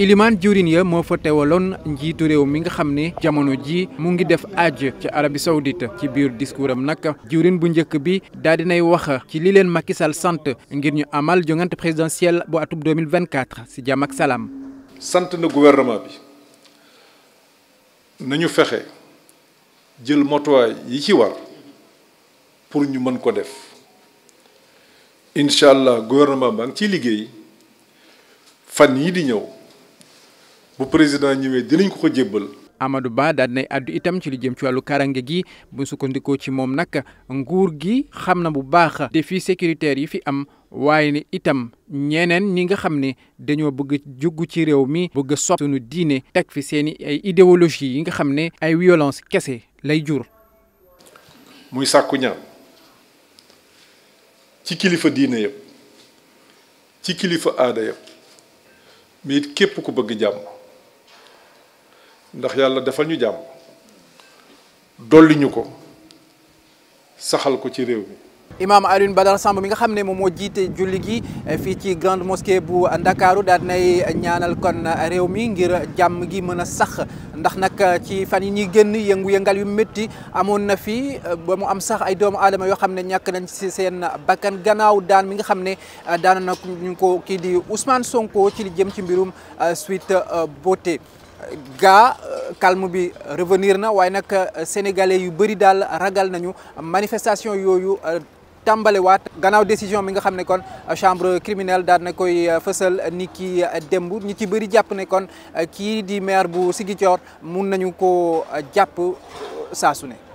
ilimaan jëwriñ ya moo fa teewaloon njiitu réew mi nga xam ne jamono ji mu ngi def aj ci arabi Saoudite ci biir discours am nag jëwriñ bu njëkk bi daal nay wax ci li leen Macky Sall sant ngir ñu amal jongante présidentielle bu atub 2024 si jàmm ak salaam sant na gouvernement bi nañu fexe jël motuwaay yi ci war pour ñu mën ko def incha allah gouvernement baa ngi ciy liggéey fan yi di ñëw bu président ñëwee dinañ ko ko jébbal. Amadou Ba daal àddu itam ci li jëm ci wàllu karange gi bu sukkandikoo ci moom nag nguur gi xam na bu baax défi sécuritaire yi fi am waaye ne itam ñeneen ñi nga xam ne dañoo bëgg jugg ci réew mi bëgg a sopp sunu diine teg fi seeni ay idéologie yi nga xam ne ay violence kese lay jur muy sàkku ñaan ci kilifa diine yëpp ci kilifa aada yëpp mais képp ku bëgg jàmm ndax yàlla defal ñu jàmm dolli ñu ko saxal ko ci réew mi. imaam Alioune Badara Samb mi nga xam ne moom moo jiite julli gi eh, fii ci grande mosquée bu ndakaaru daal nay ñaanal kon eh, réew mi ngir jàmm gi mën a sax ndax nag eh, ci fan yi ñuy génn yëngu-yëngal yu metti amoon na fii ba mu am sax ay doomu aadama yoo xam ne ñàkk nañ si seen bakkan gannaaw daan mi nga xam ne daana na ñu ko kii di usmaan Sonko ci li jëm ci mbirum Sweet Beauté gaa calme bi revenir na waaye nag euh, sénégalais yu bëri daal ragal nañu manifestation yooyu euh, tàmbaliwaat gannaaw décision bi nga xam ne kon euh, chambre criminelle daal na koy fësal ni ki démb ñi ci bëri jàpp ne kon kii di maire bu Ziguinchor mun nañu ko jàpp saa ne